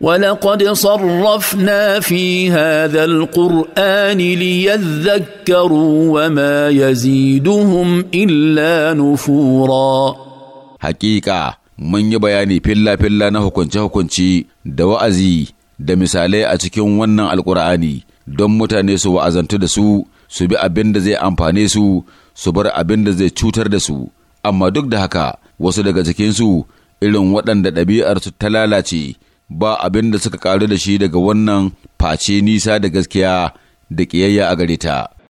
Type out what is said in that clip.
ولقد صرفنا في هذا القران ليذكروا وما يزيدهم الا نفورا حقيقه mun yi bayani filla-filla na hukunce-hukunci da wa'azi da misalai a cikin wannan alkur'ani don mutane su wa'azantu da su su bi abin da zai amfane su su bar abin da zai cutar da su amma duk da haka wasu daga cikinsu irin waɗanda ɗabi'arsu ta lalace ba abin da suka ƙaru da shi daga wannan face nisa da gaskiya da ƙiyayya a gare ta.